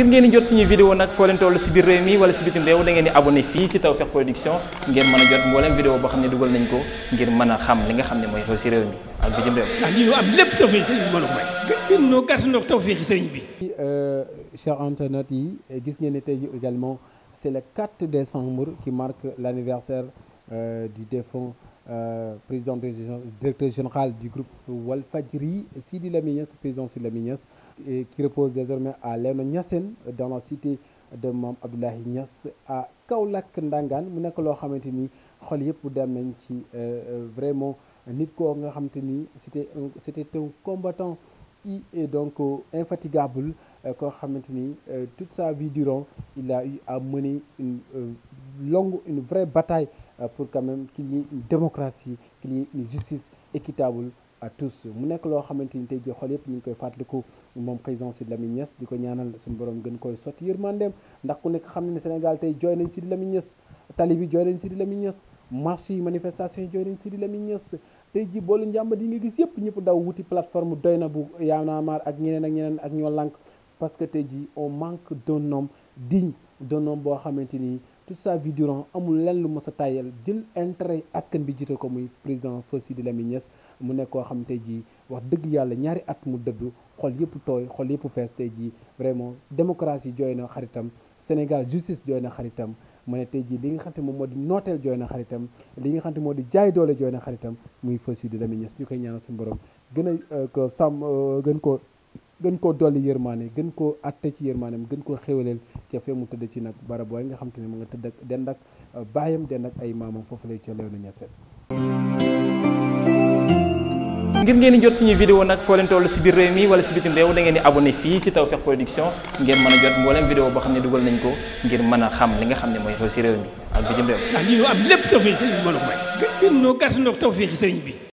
ngir ngeen di jot suñu vidéo nag foo leen toll si biir réew mi wala si bitim réew da ngeen di abonné fii si Tawfekh Production ngeen mën a jot mboolem vidéo boo xam ne dugal nañ ko ngir mën a xam li nga xam ne mooy xew si réew mi ak bitim réew. ndax ah, lii ñu am lépp tawfeex sëriñ bi sëriñ bi. Euh, chers internautes yi gis ngeen ne tey jii également c'est le 4 décembre qui marque l'anniversaire euh, du défunt Euh, président directeur général du groupe Walfadjri, Sidi Lamignas, président Sidi Lamignas, qui repose désormais à Léon Niassène, dans la cité de Mam Abdoulaye Niass à Kaolack Ndangaan mu nekk loo xamante ni xol yëpp dem nañ ci euh, euh, vraiment nit koo nga xamante ni c'était un c'était un donc infatigable ko xamante ni toute sa vie durant il a eu une vraie bataille Euh, pour quand même qu'il y ait une démocratie qu'il y ait justice équitable à tous mu nekk loo xamante ni tey jii xol yëpp ñu ngi koy fàttaliku moom président Sidy Lamine Niass di ko ñaanal suñu borom gën koy sotti yërmandeem ndax ku nekk xam ne ne Sénégal tey jooy nañ Sidy Lamine Niass tali bi jooy nañ Sidy Lamine Niass marché yi manifestation yi jooy nañ Sidy Lamine Niass tey jii boolu njàmbat yi nga gis yëpp ñëpp daw wuti plateforme doy na bu Y'en ak ñeneen ak ñeneen ak ñoo lànk parce que tey jii on manque d'un homme digne d'un homme boo xamante ni toute sa vie durant amul lenn lu mos sa tàyyal jël intérêt askan bi jiite ko muy président feu Sidi Lamine Niass mu nekk koo xam tey jii wax dëgg yàlla ñaari at mu dëddu xol yëpp tooy xol yëpp fees tey jii vraiment démocratie jooy na xaritam Sénégal justice jooy na xaritam mu ne te jii li nga xam te moom moo di nooteel jooy na xaritam li nga xam te moo di jaay doole jooy na xaritam muy feu Sidi Lamine Niass ñu koy ñaanal suñu borom gën a euh, ko sàmm euh, gën ko gën koo dolli yërmaane gën koo atte ci yërmaaneem gën koo xéwaleel ca fee mu tëdd ci nag barab nga xam te ne mu nga tëdd ak dend ak euh, baayam dend ak ay maamam foofu lay ca Léona Niassène ngir ngeen di jot suñu vidéo nag foo leen toll si biir réew mi wala si bitim réew da ngeen di abonné fii si Tawfekh Production ngeen mën a jot mboolem vidéo boo xam ne dugal nañ ko ngir mën a xam li nga xam ne mooy xew si réew mi ak lépp Tawfekh sëriñ bi mën a may. bi.